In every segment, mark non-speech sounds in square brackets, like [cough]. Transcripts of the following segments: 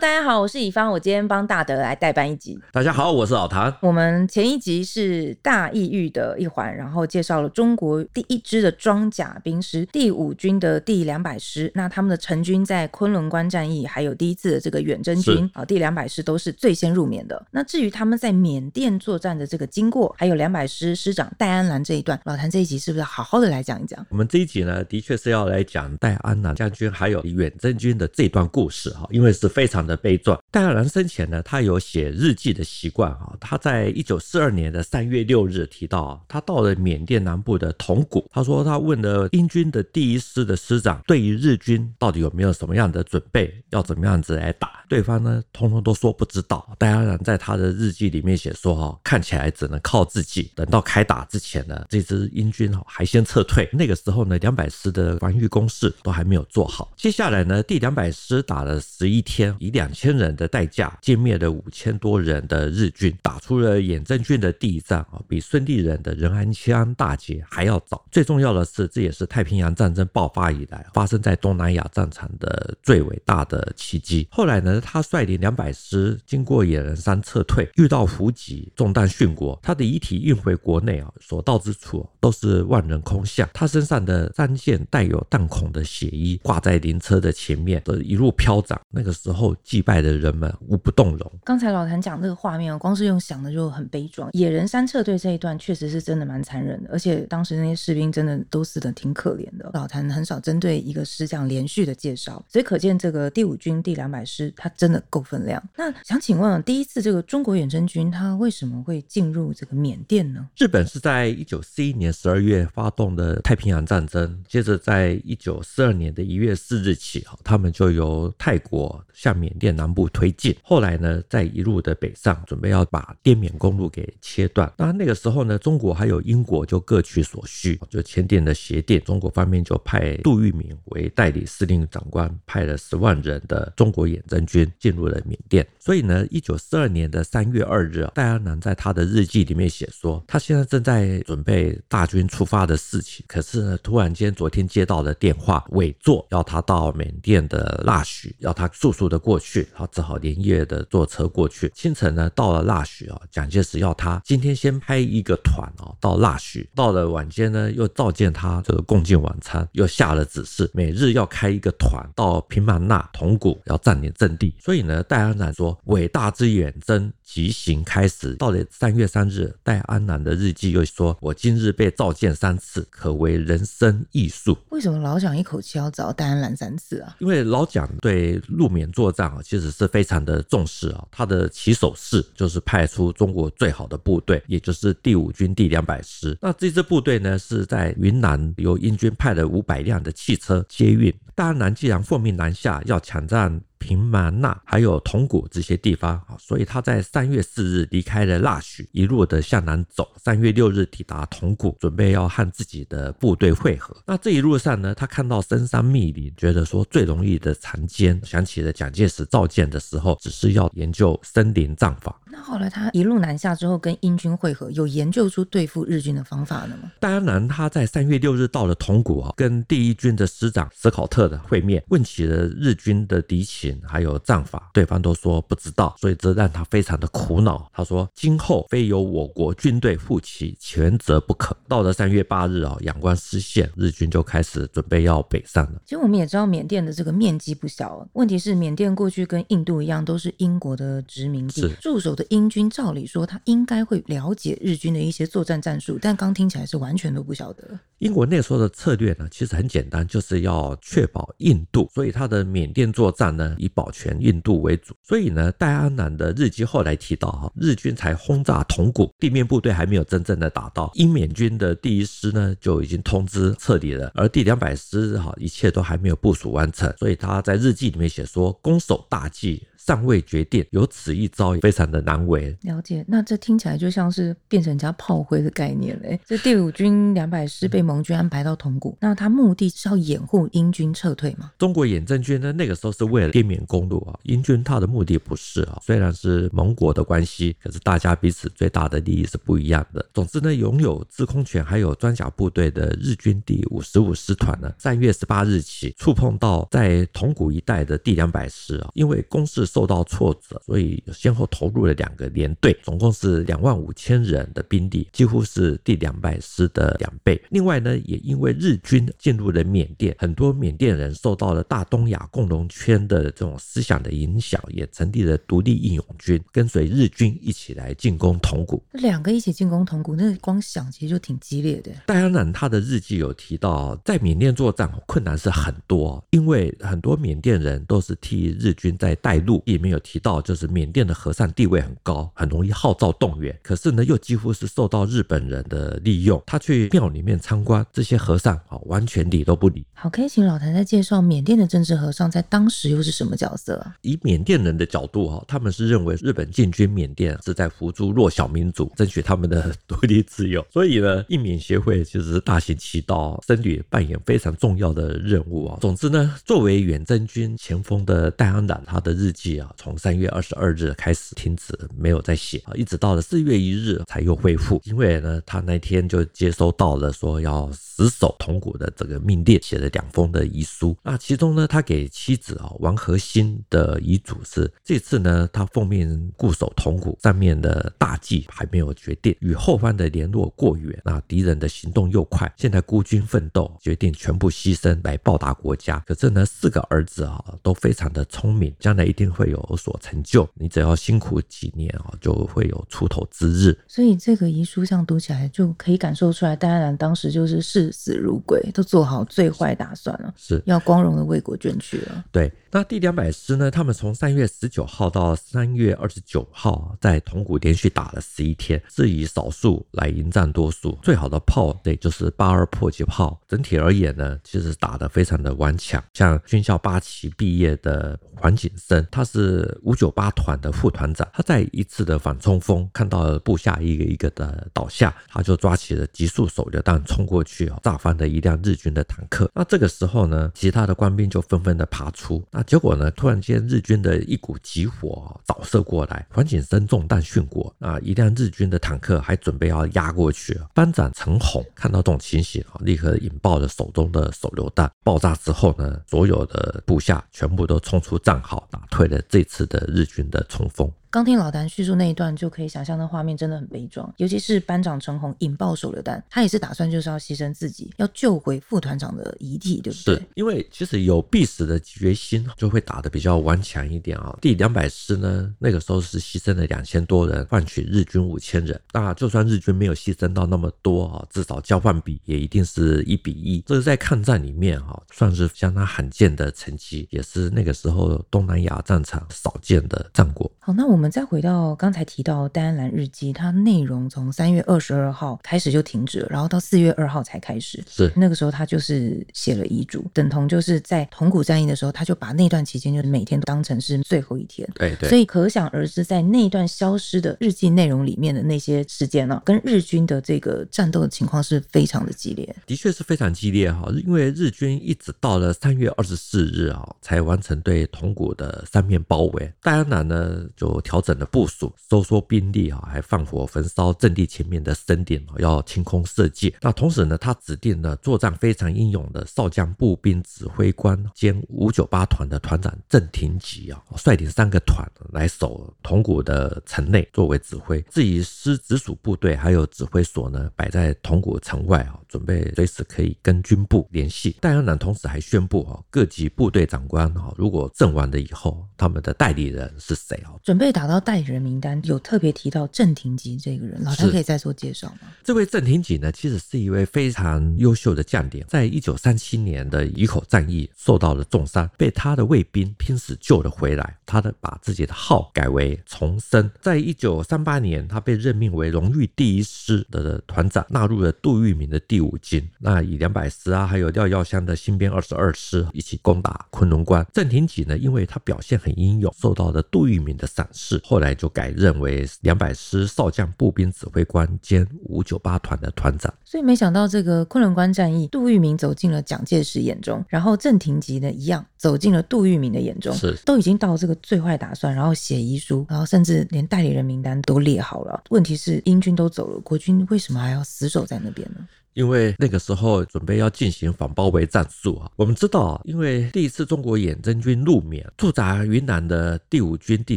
大家好，我是乙方，我今天幫大德來代班一集。大家好，我是老譚。我們前一集是大異域的一環，然後介紹了中國第一支的裝甲兵師第五軍的第兩百師，那他們的成軍在昆侖關戰役，還有第一次的這個遠征軍啊、哦，第兩百師都是最先入緬的。那至於他們在緬甸作戰的這個經過，還有兩百師師長戴安瀾這一段，老譚這一集是不是要好好的來講一講？我們這一集呢，的確是要來講戴安瀾將軍還有遠征軍的這段故事哈，因為是非常。的悲壯。戴安瀾生前呢，他有寫日記的習慣啊。他在一九四二年的三月六日提到，他到了緬甸南部的同古，他說他問了英軍的第一師的師長，對於日軍到底有沒有什麼樣的準備，要怎麼樣子來打。對方呢，通通都說不知道。戴安瀾在他的日記裡面寫說：“哦，看起來只能靠自己。等到開打之前呢，這支英軍還先撤退。那個時候呢，兩百師的防御工事都還沒有做好。接下來呢，第兩百師打了十一天，以兩千人的代價殲滅了五千多人的日軍，打出了遠征軍的第一仗啊，比孫立人的仁安羌大捷還要早。最重要的是，這也是太平洋戰爭爆發以來發生在東南亞戰場的最偉大的奇蹟。後來呢？”他率領兩百師經過野人山撤退，遇到伏擊，中彈殉國。他的遺體運回國內啊，所到之處都是萬人空巷。他身上的三件帶有彈孔的血衣掛在靈車的前面，一路飄揚。那個時候祭拜的人們無不動容。剛才老譚講這個畫面，光是用想的就很悲壯。野人山撤退這一段確實是真的蠻殘忍的，而且當時那些士兵真的都死的挺可憐的。老譚很少針對一個師這樣連續的介紹，所以可見這個第五軍第兩百師他。真的夠分量。那想請問，第一次這個中國遠征軍他為什麼會進入這個緬甸呢？日本是在一九四一年十二月發動的太平洋戰爭，接着在一九四二年的一月四日起，他們就由泰國向緬甸南部推進。後來呢，在一路的北上，準備要把滇緬公路給切斷。那那個時候呢，中國還有英國就各取所需，就簽訂了協定。中國方面就派杜聿明為代理司令長官，派了十萬人的中國遠征軍。進入了緬甸，所以呢，一九四二年的三月二日，戴安瀾在他的日記裡面寫說，他現在正在準備大軍出發的事情。可是呢，突然間昨天接到了電話，委座要他到緬甸的臘戌，要他速速的過去，然後只好連夜的坐車過去。清晨呢，到了臘戌啊，蔣介石要他今天先派一個團哦到臘戌。到了晚間呢，又召見他，這個共進晚餐，又下了指示，每日要開一個團到平滿納、同古，要佔領陣地。所以呢，戴安瀾說：“偉大之遠征即行開始。”到了三月三日，戴安瀾的日記又說：“我今日被召見三次，可為人生異數。”為什麼老蔣一口氣要召戴安瀾三次啊？因為老蔣對入緬作戰啊，其實是非常的重視啊。他的起手式就是派出中國最好的部隊，也就是第五軍第兩百師。那這支部隊呢，是在雲南由英軍派了五百輛的汽車接運。戴安瀾既然奉命南下，要搶占。平蠻納，還有銅鼓這些地方。所以他在三月四日離開了臘戌，一路的向南走。三月六日抵達銅鼓，準備要和自己的部隊會合。那這一路上呢，他看到深山密林，覺得說最容易的藏奸。想起了蔣介石召見的時候，只是要研究森林戰法。那後來他一路南下之後，跟英軍會合，有研究出對付日軍的方法了嗎？當然，他在三月六日到了同古啊、哦，跟第一軍的師長史考特的會面，問起了日軍的敵情還有戰法，對方都說不知道，所以這讓他非常的苦惱。他說今後非由我國軍隊負起全責不可。到了三月八日啊、哦，仰光失陷，日軍就開始準備要北上了。其實我們也知道，緬甸的這個面積不小，啊，問題是緬甸過去跟印度一樣，都是英國的殖民地，駐守。英軍照理說，他應該會了解日軍的一些作戰戰術，但剛聽起來是完全都不曉得。英國那時候的策略呢，其實很簡單，就是要確保印度，所以他的緬甸作戰呢，以保全印度為主。所以呢，戴安瀾的日記後來提到，哈，日軍才轟炸同古，地面部隊還沒有真正的打到，英緬軍的第一師呢就已經通知撤離了，而第兩百師哈，一切都還沒有部署完成，所以他在日記裡面寫說，攻守大計。尚未決定，有此一招也非常的難為。了解，那這聽起來就像是變成人家炮灰的概念了。這第五軍兩百師被盟軍安排到同古， [laughs] 那他目的是要掩護英軍撤退嗎？中國遠征軍呢，那個時候是為了滇緬公路啊。英軍他的目的不是啊，雖然是盟國的關係，可是大家彼此最大的利益是不一樣的。總之呢，擁有制空權還有裝甲部隊的日軍第五十五師團呢，三月十八日起觸碰到在同古一帶的第兩百師啊，因為攻勢。受到挫折，所以先後投入了兩個聯隊，總共是兩萬五千人的兵力，幾乎是第兩百師的兩倍。另外呢，也因為日軍進入了緬甸，很多緬甸人受到了大東亞共榮圈的這種思想的影響，也成立了獨立義勇軍，跟隨日軍一起來進攻同古。那兩個一起進攻同古，那光想其實就挺激烈的。戴安瀾他的日記有提到，在緬甸作戰困難是很多，因為很多緬甸人都是替日軍在帶路。裡面有提到，就是緬甸的和尚地位很高，很容易號召動員。可是呢，又幾乎是受到日本人的利用。他去廟裡面參觀，這些和尚哈，完全理都不理。好，可以請老譚再介紹緬甸的政治和尚在當時又是什麼角色啊？以緬甸人的角度哈，他們是認為日本進軍緬甸是在扶助弱小民族，爭取他們的獨立自由。所以呢，印緬協會其實是大行其道，僧侶扮演非常重要的任務啊。總之呢，作為遠征軍前鋒的戴安瀾，他的日記。從三月二十二日開始停止，沒有再寫啊，一直到了四月一日才又恢復。因為呢，他那天就接收到了說要死守同古的這個命令，寫了兩封的遺書。那其中呢，他給妻子啊王和新的遺囑是：這次呢，他奉命固守同古，上面的大計還沒有決定，與後方的聯絡過遠，啊，敵人的行動又快，現在孤軍奮鬥，決定全部犧牲來報答國家。可是呢，四個兒子啊都非常的聰明，將來一定會。會有所成就，你只要辛苦幾年啊、哦，就會有出頭之日。所以這個遺書上讀起來就可以感受出來，戴安瀾當時就是視死如歸，都做好最壞打算了，是要光榮的為國捐軀了。對，那第兩百師呢？他們從三月十九號到三月二十九號，在同古連續打了十一天，是以少數來迎戰多數，最好的炮對就是八二迫擊炮。整體而言呢，其實打得非常的頑強。像軍校八期畢業的黃景生，他。是五九八團的副團長，他在一次的反衝鋒，看到了部下一個一個的倒下，他就抓起了集束手榴彈衝過去，啊，炸翻了一輛日軍的坦克。那這個時候呢，其他的官兵就紛紛的爬出。那結果呢，突然間日軍的一股急火掃、喔、射過來，黃景生中彈殉國。啊，一輛日軍的坦克還準備要壓過去。班長陳紅看到這種情形、喔，啊，立刻引爆了手中的手榴彈。爆炸之後呢，所有的部下全部都衝出戰壕，打退了這次的日軍的衝鋒。剛聽老譚敘述那一段，就可以想象那畫面真的很悲壯，尤其是班長陳紅引爆手榴彈，他也是打算就是要犧牲自己，要救回副團長的遺體，對不對？是，因為其實有必死的決心，就會打的比較頑強一點啊、哦。第兩百師呢，那個時候是犧牲了兩千多人，換取日軍五千人。那就算日軍沒有犧牲到那麼多啊、哦，至少交換比也一定是一比一。這是在抗戰裡面哈、哦，算是相當罕見的成績，也是那個時候東南亞戰場少見的戰果。好，那我。我們再回到剛才提到戴安瀾日記，它內容從三月二十二號開始就停止了，然後到四月二號才開始。是，那個時候他就是寫了遺囑，等同就是在同古戰役的時候，他就把那段期間就每天都當成是最後一天。對對。所以可想而知，在那段消失的日記內容裡面的那些時間呢、啊，跟日軍的這個戰鬥的情況是非常的激烈。的確是非常激烈哈，因為日軍一直到了三月二十四日啊，才完成對同古的三面包圍。戴安瀾呢就。調整了部署，收縮兵力啊，還放火焚燒陣地前面的山頂，要清空射界。那同時呢，他指定了作戰非常英勇的少將步兵指揮官兼五九八團的團長鄭庭笈啊，率領三個團來守同古的城內作為指揮，至於師直屬部隊還有指揮所呢擺在同古城外啊。準備隨時可以跟軍部聯繫。戴安瀾同時還宣布啊、哦，各級部隊長官啊、哦，如果陣亡了以後，他們的代理人是誰哦？準備打到代理人名單，有特別提到鄭庭笈這個人，老譚可以再做介紹嗎？這位鄭庭笈呢，其實是一位非常優秀的將領，在一九三七年的忻口戰役受到了重傷，被他的衛兵拼死救了回來。他的把自己的號改為重生。在一九三八年，他被任命為榮譽第一師的團長，納入了杜聿明的第。第五軍，那以兩百師啊，還有廖耀湘的新編二十二師一起攻打昆崙關。鄭廷琦呢，因為他表現很英勇，受到了杜聿明的賞識，後來就改任為兩百師少將步兵指揮官兼五九八團的團長。所以沒想到這個昆崙關戰役，杜聿明走進了蔣介石眼中，然後鄭廷琦呢，一樣走進了杜聿明的眼中，是都已經到這個最壞打算，然後寫遺書，然後甚至連代理人名單都列好了。問題是英軍都走了，國軍為什麼還要死守在那邊呢？因為那個時候準備要進行反包圍戰術啊，我們知道啊，因為第一次中國遠征軍入緬駐扎雲南的第五軍第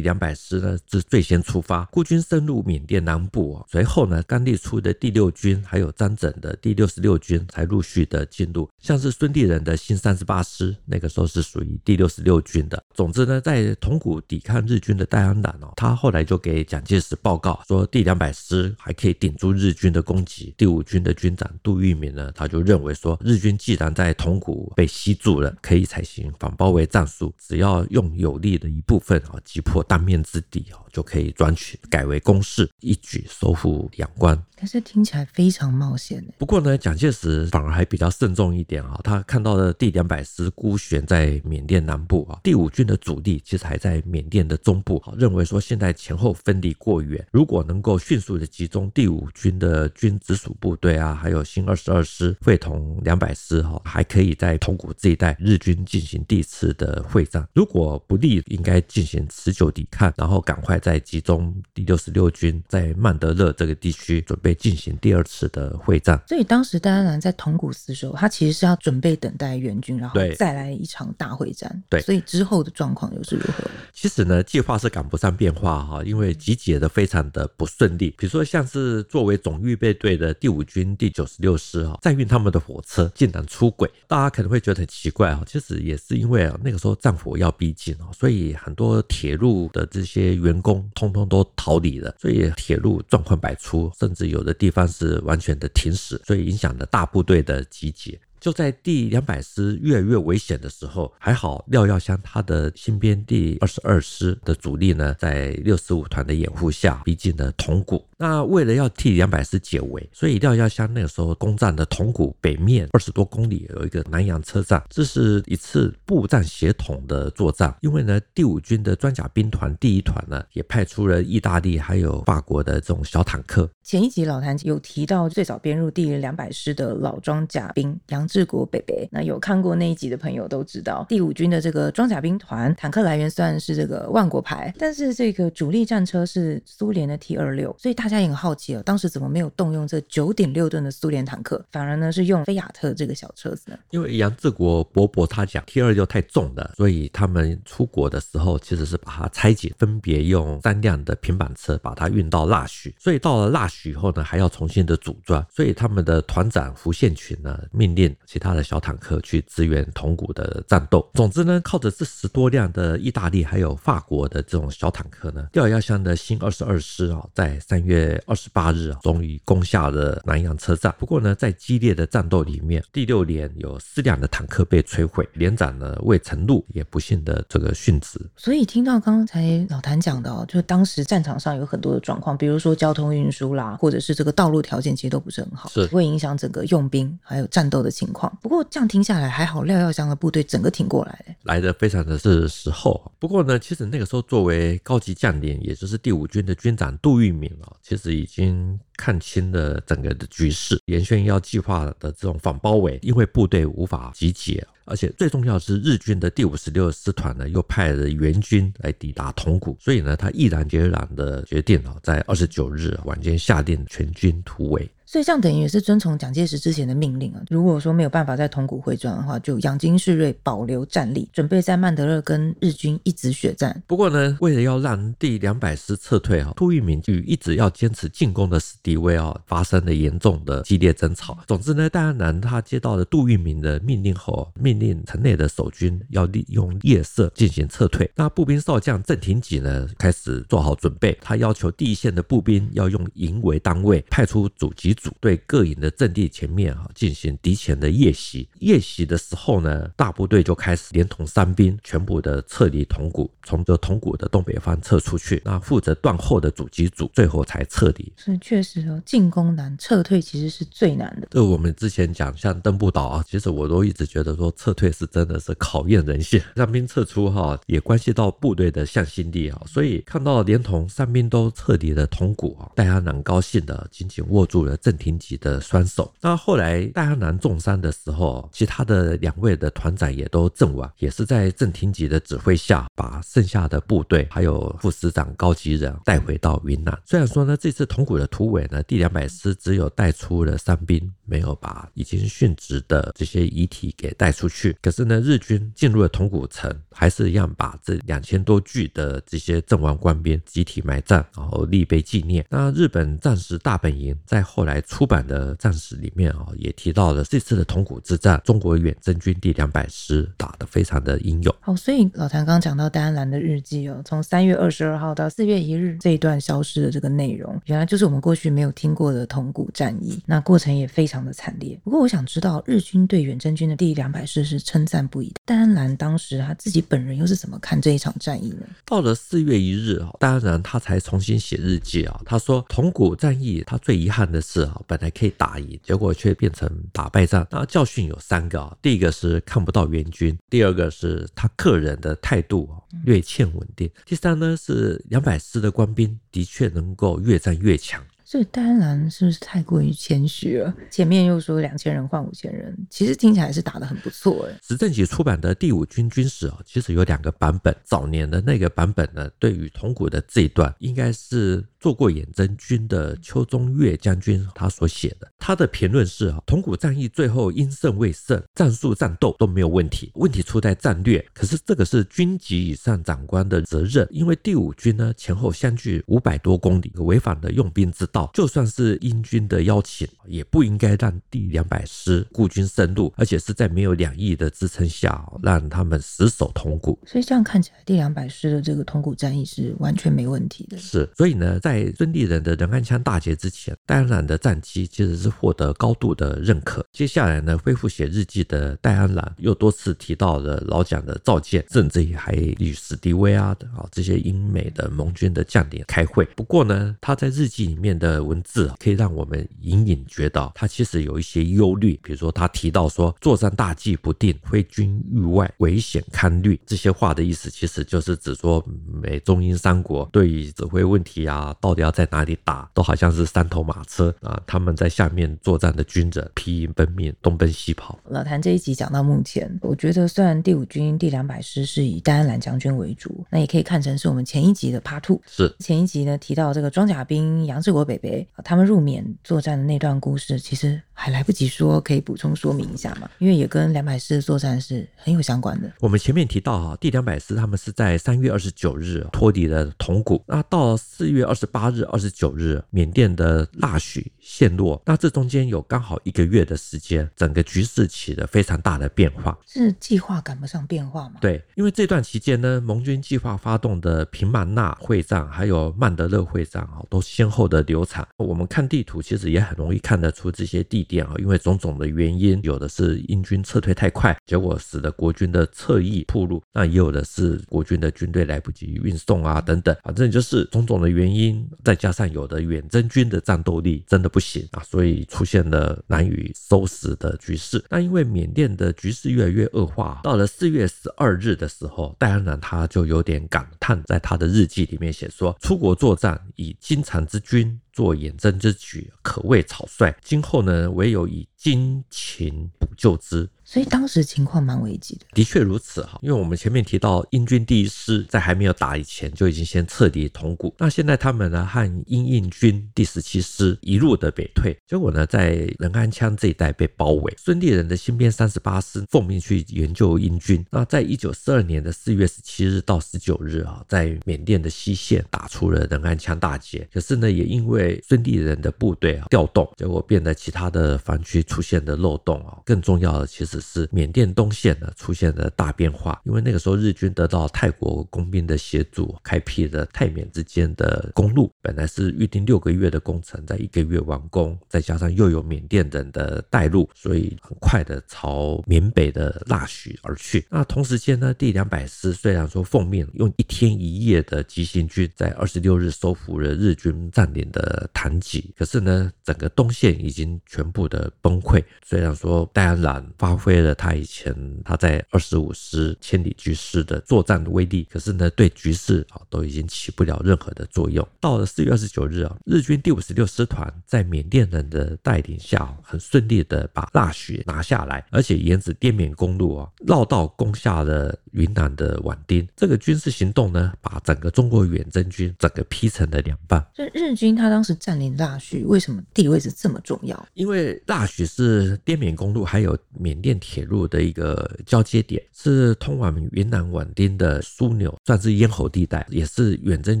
兩百師呢是最先出發，孤軍深入緬甸南部啊。隨後呢，甘麗初的第六軍還有張轸的第六十六軍才陸續的進入，像是孫立人的新三十八師，那個時候是屬於第六十六軍的。總之呢，在同古抵抗日軍的戴安瀾哦，他後來就給蔣介石報告說，說第兩百師還可以頂住日軍的攻擊，第五軍的軍長杜。杜聿明呢，他就認為說，日軍既然在同古被吸住了，可以採行反包圍戰術，只要用有力的一部分啊，擊破當面之敵。就可以轉取改為攻勢，一舉收復仰光。可是聽起來非常冒險，欸、不過呢，蔣介石反而還比較慎重一點啊、哦。他看到的第兩百師孤懸在緬甸南部啊、哦，第五軍的主力其實還在緬甸的中部、哦，認為說，現在前後分離過遠，如果能夠迅速的集中第五軍的軍直屬部隊啊，還有新二十二師會同兩百師哈，還可以在同古這一帶日軍進行第一次的會戰。如果不利，應該進行持久抵抗，然後趕快。在集中第六十六軍在曼德勒這個地區準備進行第二次的會戰，所以當時戴安瀾在同古死守，他其實是要準備等待援軍，然後再來一場大會戰。對，所以之後的狀況又是如何？其實呢，計劃是趕不上變化哈，因為集結的非常的不順利。嗯、比如說，像是作為總預備隊的第五軍第九十六師哈，載運他們的火車竟然出軌，大家可能會覺得很奇怪啊。其實也是因為啊，那個時候戰火要逼近哦，所以很多鐵路的這些員工。通通都逃離了，所以鐵路狀況百出，甚至有的地方是完全的停駛，所以影響了大部隊的集結。就在第兩百師越來越危險的時候，還好廖耀湘他的新編第二十二師的主力呢，在六十五團的掩護下逼近了同古。那為了要替兩百師解圍，所以一定要要像那個時候攻占的同古北面二十多公里有一個南洋車站，這是一次步戰協同的作戰。因為呢，第五軍的裝甲兵團第一團呢，也派出了意大利還有法國的這種小坦克。前一集老譚有提到，最早編入第兩百師的老裝甲兵楊志國北北，那有看過那一集的朋友都知道，第五軍的這個裝甲兵團坦克來源算是這個萬國牌，但是這個主力戰車是蘇聯的 T 二六，所以大。那也很好奇哦，當時怎麼沒有動用這九點六噸的蘇聯坦克，反而呢是用菲亞特這個小車子呢？因為楊志國伯伯他講 T 二又太重了，所以他們出國的時候其實是把它拆解，分別用三輛的平板車把它運到臘許，所以到了臘許以後呢，還要重新的組裝。所以他們的團長胡獻群呢，命令其他的小坦克去支援同古的戰鬥。總之呢，靠着這十多輛的意大利還有法國的這種小坦克呢，廖耀湘的新二十二師啊、哦，在三月。呃，二十八日終於攻下了南陽車站。不過呢，在激烈的戰鬥裡面，第六連有四輛的坦克被摧毀，連長呢魏成祿也不幸的這個殉職。所以聽到剛才老譚講的，哦，就當時戰場上有很多的狀況，比如說交通運輸啦，或者是這個道路條件其實都不是很好，是會影響整個用兵還有戰鬥的情況。不過這樣聽下來還好，廖耀湘的部隊整個挺過來，來的非常的是時候。不過呢，其實那個時候作為高級將領，也就是第五軍的軍長杜聿明啊。其實已經看清了整個的局勢，嚴炫要計劃的這種反包圍，因為部隊無法集結，而且最重要的是日軍的第五十六師團呢又派了援軍來抵達同古，所以呢他毅然決然的決定啊，在二十九日晚間下令全軍突圍。所以這樣等於也是遵從蔣介石之前的命令啊。如果說沒有辦法在同古會戰的話，就養精蓄銳，保留戰力，準備在曼德勒跟日軍一直血戰。不過呢，為了要讓第兩百師撤退啊，杜聿明與一直要堅持進攻的史迪威啊，發生了嚴重的激烈爭吵。總之呢，戴安瀾他接到了杜聿明的命令後，命令城內的守軍要利用夜色進行撤退。那步兵少將鄭廷己呢，開始做好準備。他要求第一線的步兵要用營為單位派出阻擊組。組隊各營的陣地前面啊，進行敵前的夜襲。夜襲的時候呢，大部隊就開始連同傷兵全部的撤離同古，從這同古的東北方撤出去。那負責斷後的阻擊組最後才撤離。所以確實哦，進攻難，撤退其實是最難的。對，我們之前講像登步島啊，其實我都一直覺得說撤退是真的是考驗人性。傷兵撤出哈，也關係到部隊的向心力啊。所以看到連同傷兵都撤離的同古啊，大家蠻高興的，緊緊握住了這。鄭庭笈的雙手。那後來戴安瀾重傷的時候，其他的兩位的團長也都陣亡，也是在鄭庭笈的指揮下，把剩下的部隊還有副師長高吉人帶回到雲南。雖然說呢，這次同古的突圍呢，第兩百師只有帶出了傷兵，沒有把已經殉職的這些遺體給帶出去。可是呢，日軍進入了同古城，還是一樣把這兩千多具的這些陣亡官兵集體埋葬，然後立碑紀念。那日本戰時大本營在後來。出版的戰史裡面啊，也提到了這次的同古之戰，中國遠征軍第兩百師打得非常的英勇。好，所以老譚剛剛講到戴安瀾的日記哦，從三月二十二號到四月一日這一段消失的這個內容，原來就是我們過去沒有聽過的同古戰役。那過程也非常的慘烈。不過我想知道，日軍對遠征軍的第兩百師是稱讚不已的。戴安瀾當時他自己本人又是怎麼看這一場戰役呢？到了四月一日啊，戴安瀾他才重新寫日記啊，他說同古戰役他最遺憾的是。本來可以打贏，結果卻變成打敗仗。那教訓有三個啊：第一個是看不到援軍，第二個是他個人的態度哦略欠穩定，嗯、第三呢是兩百師的官兵的確能夠越戰越強。所以戴安瀾是不是太過於謙虛了？前面又說兩千人換五千人，其實聽起來是打得很不錯。史政局出版的《第五軍軍史》啊，其實有兩個版本，早年的那個版本呢，對於同古的這一段應該是。做過遠征軍的邱中岳將軍他，他所寫的他的評論是：啊，同古戰役最後因勝未勝，戰術戰鬥都沒有問題，問題出在戰略。可是這個是軍級以上長官的責任，因為第五軍呢前後相距五百多公里，違反了用兵之道。就算是英軍的邀請，也不應該讓第兩百師孤軍深入，而且是在沒有兩翼的支撐下，讓他們死守同古。所以這樣看起來，第兩百師的這個同古戰役是完全沒問題的。是，所以呢，在在孫立人的仁安羌大捷之前，戴安瀾的戰績其實是獲得高度的認可。接下來呢，恢復寫日記的戴安瀾又多次提到了老蔣的召見，甚至於還與史迪威啊的、啊這些英美的盟軍的將領開會。不過呢，他在日記裡面的文字可以讓我們隱隱覺到，他其實有一些憂慮。比如說，他提到說“作戰大計不定，揮軍域外，危險堪慮”這些話的意思，其實就是指說美中英三國對於指揮問題啊。到底要在哪裡打，都好像是三頭馬車啊！他們在下面作戰的軍人疲於奔命，東奔西跑。老譚這一集講到目前，我覺得雖然第五軍第兩百師是以戴安瀾將軍為主，那也可以看成是我們前一集的 part two。是前一集呢，提到這個裝甲兵楊志國伯伯、北北他們入緬作戰的那段故事，其實還來不及說，可以補充說明一下嘛？因為也跟兩百師的作戰是很有相關的。我們前面提到哈，第兩百師他們是在三月二十九日脫離了同古，那到四月二十八日、二十九日，緬甸的臘戍陷落。那這中間有剛好一個月的時間，整個局勢起了非常大的變化。是計劃趕不上變化嗎？對，因為這段期間呢，盟軍計劃發動的平滿納會戰，還有曼德勒會戰啊，都先後的流產。我們看地圖，其實也很容易看得出這些地點啊，因為種種的原因，有的是英軍撤退太快，結果使得國軍的側翼暴露，那也有的是國軍的軍隊來不及運送啊，等等、嗯。反正就是種種的原因。再加上有的遠征軍的戰鬥力真的不行啊，所以出現了難以收拾的局勢。那因為緬甸的局勢越來越惡化，到了四月十二日的時候，戴安瀾他就有點感嘆，在他的日記裡面寫說：出國作戰以金蟬之軍做遠征之舉，可謂草率。今後呢，唯有以精勤補救之。所以當時情況蠻危急的，的，的確如此哈，因為我們前面提到英軍第一師在還沒有打以前就已經先徹底同古，那現在他們呢，和英印軍第十七師一路的北退，結果呢，在仁安羌這一帶被包圍。孫立人的新編三十八師奉命去援救英軍，那在一九四二年的四月十七日到十九日啊，在緬甸的西線打出了仁安羌大捷，可是呢，也因為孫立人的部隊啊調動，結果變得其他的防區出現的漏洞啊，更重要的其實，是緬甸東線呢，出現了大變化，因為那個時候日軍得到泰國工兵的協助，開闢了泰緬之間的公路。本來是預定六個月的工程，在一個月完工，再加上又有緬甸人的帶路，所以很快的朝緬北的臘戌而去。那同時間呢，第兩百師雖然說奉命用一天一夜的急行軍，在二十六日收復了日軍佔領的棠吉，可是呢，整個東線已經全部的崩潰。雖然說戴安瀾發揮為了他以前他在二十五師千里駒師的作戰的威力，可是呢，對局勢啊都已經起不了任何的作用。到了四月二十九日啊，日軍第五十六師團在緬甸人的帶領下啊，很順利的把臘戌拿下來，而且沿着滇緬公路啊繞道攻下了雲南的畹町。這個軍事行動呢，把整個中國遠征軍整個劈成了兩半。日軍他當時佔領臘戌，為什麼地位是這麼重要？因為臘戌是滇緬公路還有緬甸。鐵路的一個交接點，是通往雲南畹町的樞紐，算是咽喉地帶，也是遠征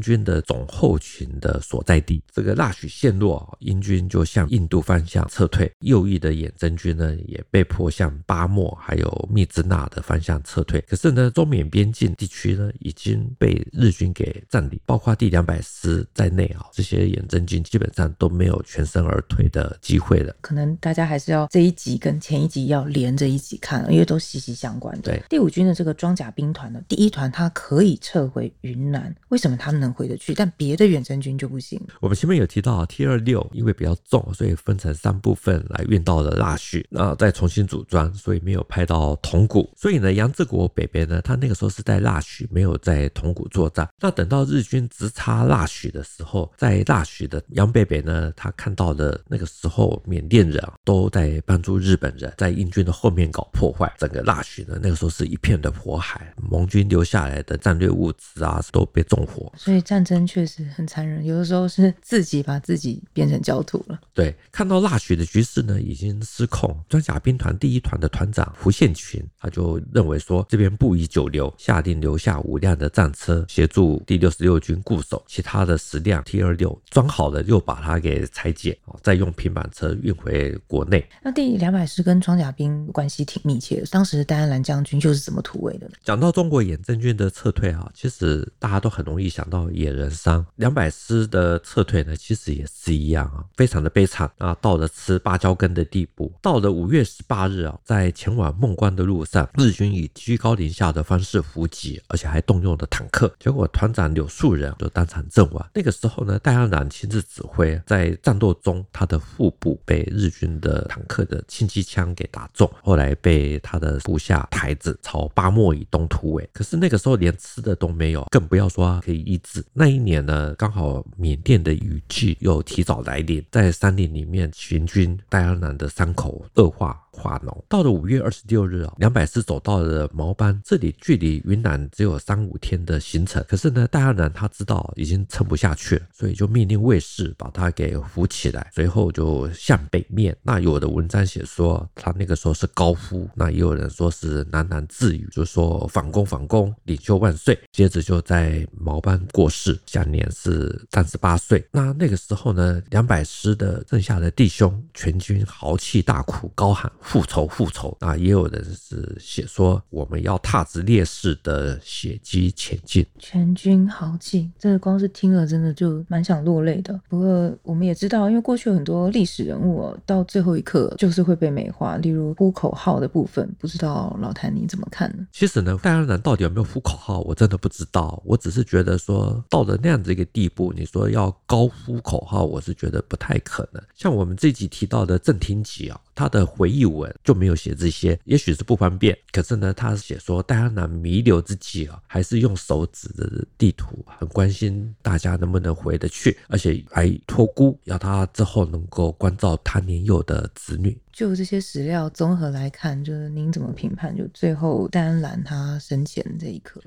軍的總後勤的所在地。這個臘戍陷落，英軍就向印度方向撤退，右翼的遠征軍呢，也被迫向巴莫還有密支那的方向撤退。可是呢，中緬邊境地區呢，已經被日軍給占領，包括第兩百師在內啊，這些遠征軍基本上都沒有全身而退的機會了。可能大家還是要這一集跟前一集要連着。一起看，因為都息息相關。對。第五軍的這個裝甲兵團呢，第一團他可以撤回雲南，為什麼他們能回得去？但別的遠征軍就不行。我們前面有提到 T 二六，T26、因為比較重，所以分成三部分來運到了臘戍，然後再重新組裝，所以沒有派到同古。所以呢，楊志國伯伯呢，他那個時候是在臘戍，沒有在同古作戰。那等到日軍直插臘戍的時候，在臘戍的楊伯伯呢，他看到了那個時候緬甸人都在幫助日本人，在英軍的後。面搞破壞，整個臘戌呢，那個時候是一片的火海，盟軍留下來的戰略物資啊都被縱火，所以戰爭確實很殘忍，有的時候是自己把自己變成焦土了。對，看到臘戌的局勢呢已經失控，裝甲兵團第一團的團長胡憲群他就認為說這邊不宜久留，下令留下五輛的戰車協助第六十六軍固守，其他的十輛 T 二六裝好了又把它給拆解再用平板車運回國內。那第兩百師跟裝甲兵。關係挺密切的。當時戴安瀾將軍又是怎麼突圍的呢？講到中國遠征軍的撤退啊，其實大家都很容易想到野人山。兩百師的撤退呢，其實也是一樣啊，非常的悲慘啊，到了吃芭蕉根的地步。到了五月十八日啊，在前往孟關的路上，日軍以居高臨下的方式伏擊，而且還動用了坦克。結果團長柳樹人就當場陣亡。那個時候呢，戴安瀾親自指揮，在戰鬥中他的腹部被日軍的坦克的輕機槍給打中。後來被他的部下抬著朝八莫以東突圍，可是那個時候連吃的都沒有，更不要說可以醫治。那一年呢，剛好緬甸的雨季又提早來臨，在山林裡面行軍，戴安瀾的傷口惡化。化膿到了五月二十六日啊、哦，兩百師走到了毛班，這裡距離雲南只有三五天的行程。可是呢，戴安瀾他知道已經撐不下去了，所以就命令衛士把他給扶起來，隨後就向北面。那有的文章寫說他那個時候是高呼，那也有人說是喃喃自語，就是、說反攻反攻，領袖萬歲。接着就在毛班過世，享年是三十八歲。那那個時候呢，兩百師的剩下的弟兄全軍豪氣大哭，高喊。復仇，仇，復仇啊！也有人是寫說我們要踏着烈士的血跡前進，全軍豪進。這個光是聽了，真的就蠻想落淚的。不過我們也知道，因為過去有很多歷史人物、哦、到最後一刻就是會被美化，例如呼口號的部分。不知道老譚你怎麼看呢？其實呢，戴安瀾到底有沒有呼口號，我真的不知道。我只是覺得說到了那樣子一個地步，你說要高呼口號，我是覺得不太可能。像我們這一集提到的鄭庭笈啊。他的回憶文就沒有寫這些，也許是不方便。可是呢，他寫說戴安瀾彌留之際啊，還是用手指着地圖，很關心大家能不能回得去，而且還托孤，要他之後能夠關照他年幼的子女。就這些史料綜合來看，就是您怎麼評判？就最後戴安瀾他生前的這一刻。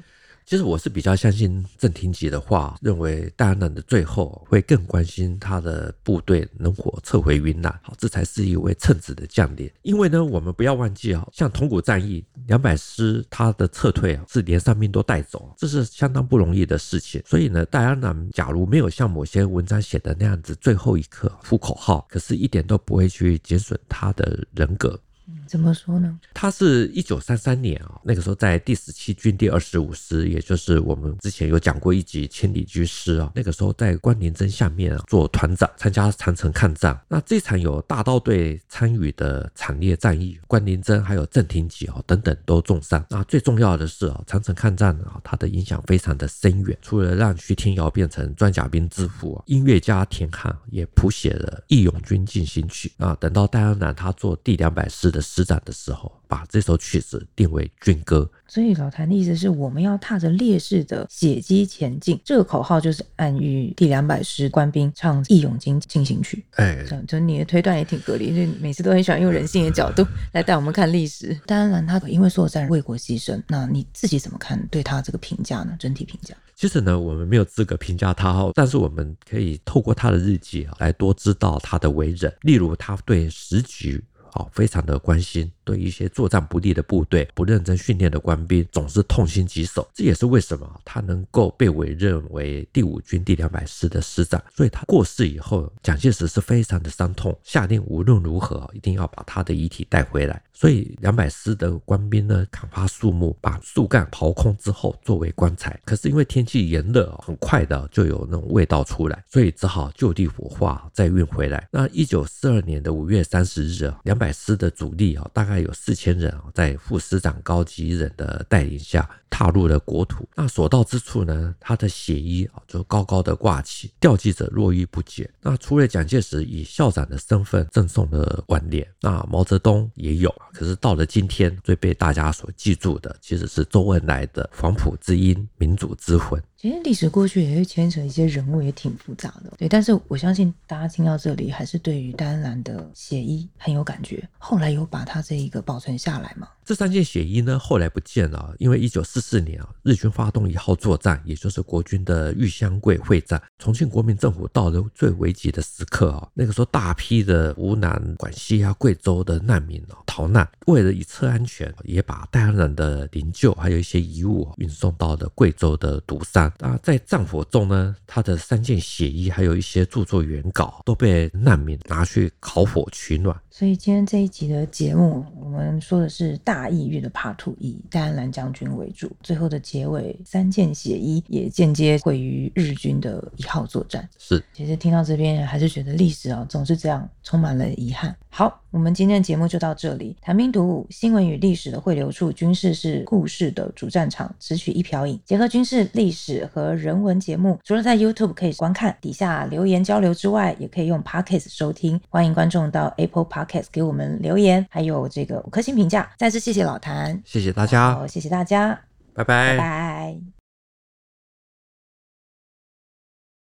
其實我是比較相信鄭庭笈的話，認為戴安瀾的最後會更關心他的部隊能否撤回雲南。好，這才是一位稱職的將領。因為呢，我們不要忘記啊，像同古戰役兩百師他的撤退啊，是連傷兵都帶走，這是相當不容易的事情。所以呢，戴安瀾假如沒有像某些文章寫的那樣子，最後一刻呼口號，可是一點都不會去減損他的人格。嗯、怎麼說呢？他是一九三三年啊、哦，那個時候在第十七軍第二十五師，也就是我們之前有講過一集《千里駒師》啊、哦，那個時候在關麟徵下面啊做團長，參加長城抗戰。那這場有大刀隊參與的慘烈戰役，關麟徵還有鄭廷琦啊等等都重傷。那最重要的是啊、哦，長城抗戰啊，他的影響非常的深遠。除了讓徐天堯變成裝甲兵之父、嗯，音樂家田漢也譜寫了《義勇軍進行曲》啊。等到戴安瀾他做第兩百師的施展的時候，把這首曲子定為軍歌，所以老譚的意思是我們要踏着烈士的血跡前進。這個口號就是暗喻第兩百師官兵唱《義勇軍進行曲》哎。哎，就你的推斷也挺合理，因為每次都很喜歡用人性的角度來帶我們看歷史。 [laughs] 當然，他可因為作戰為國犧牲，那你自己怎麼看對他這個評價呢？整體評價，其實呢，我們沒有資格評價他哦。但是我們可以透過他的日記來多知道他的為人，例如他對時局。好，非常的關心，對一些作戰不力的部隊、不認真訓練的官兵，總是痛心疾首。這也是為什麼他能夠被委任為第五軍第兩百師的師長。所以，他過世以後，蔣介石是非常的傷痛，下令無論如何一定要把他的遺體帶回來。所以兩百師的官兵呢，砍伐樹木，把樹幹刨空之後作為棺材。可是因為天氣炎熱，很快的就有那種味道出來，所以只好就地火化，再運回來。那一九四二年的五月三十日，兩百師的主力啊，大概有四千人啊，在副師長高吉人的帶領下，踏入了國土。那所到之處呢，他的血衣啊，就高高的掛起，弔祭者絡繹不絕。那除了蔣介石以校長的身份贈送了挽聯，那毛澤東也有。可是到了今天，最被大家所記住的，其實是周恩來的“黃埔之英，民主之魂”。其實歷史過去也會牽扯一些人物，也挺複雜的。對，但是我相信大家聽到這裡，還是對於戴安瀾的血衣很有感覺。後來有把他這一個保存下來嗎？這三件血衣呢，後來不見了，因為一九四四年啊，日軍發動一號作戰，也就是國軍的豫湘桂會戰，重慶國民政府到了最危急的時刻啊，那個時候大批的湖南、廣西啊、貴州的難民、啊、逃難，為了以策安全，也把戴安瀾的靈柩還有一些遺物、啊、運送到了貴州的獨山。那、啊、在戰火中呢，他的三件血衣還有一些著作原稿都被難民拿去烤火取暖。所以今天這一集的節目，我們說的是大意欲的帕圖伊戴安瀾將軍為主，最後的結尾三件血衣也間接毀於日軍的一號作戰。是，其實聽到這邊還是覺得歷史啊、哦，總是這樣充滿了遺憾。好。我們今天的節目就到這裡。譚兵讀武，新聞與歷史的匯流處，軍事是故事的主戰場。只取一瓢飲，結合軍事歷史和人文節目。除了在 YouTube 可以觀看，底下留言交流之外，也可以用 Podcast 收聽。歡迎觀眾到 Apple Podcast 給我們留言，還有這個五顆星評價。再次謝謝老譚，謝謝大家，哦、謝謝大家，拜拜。拜拜。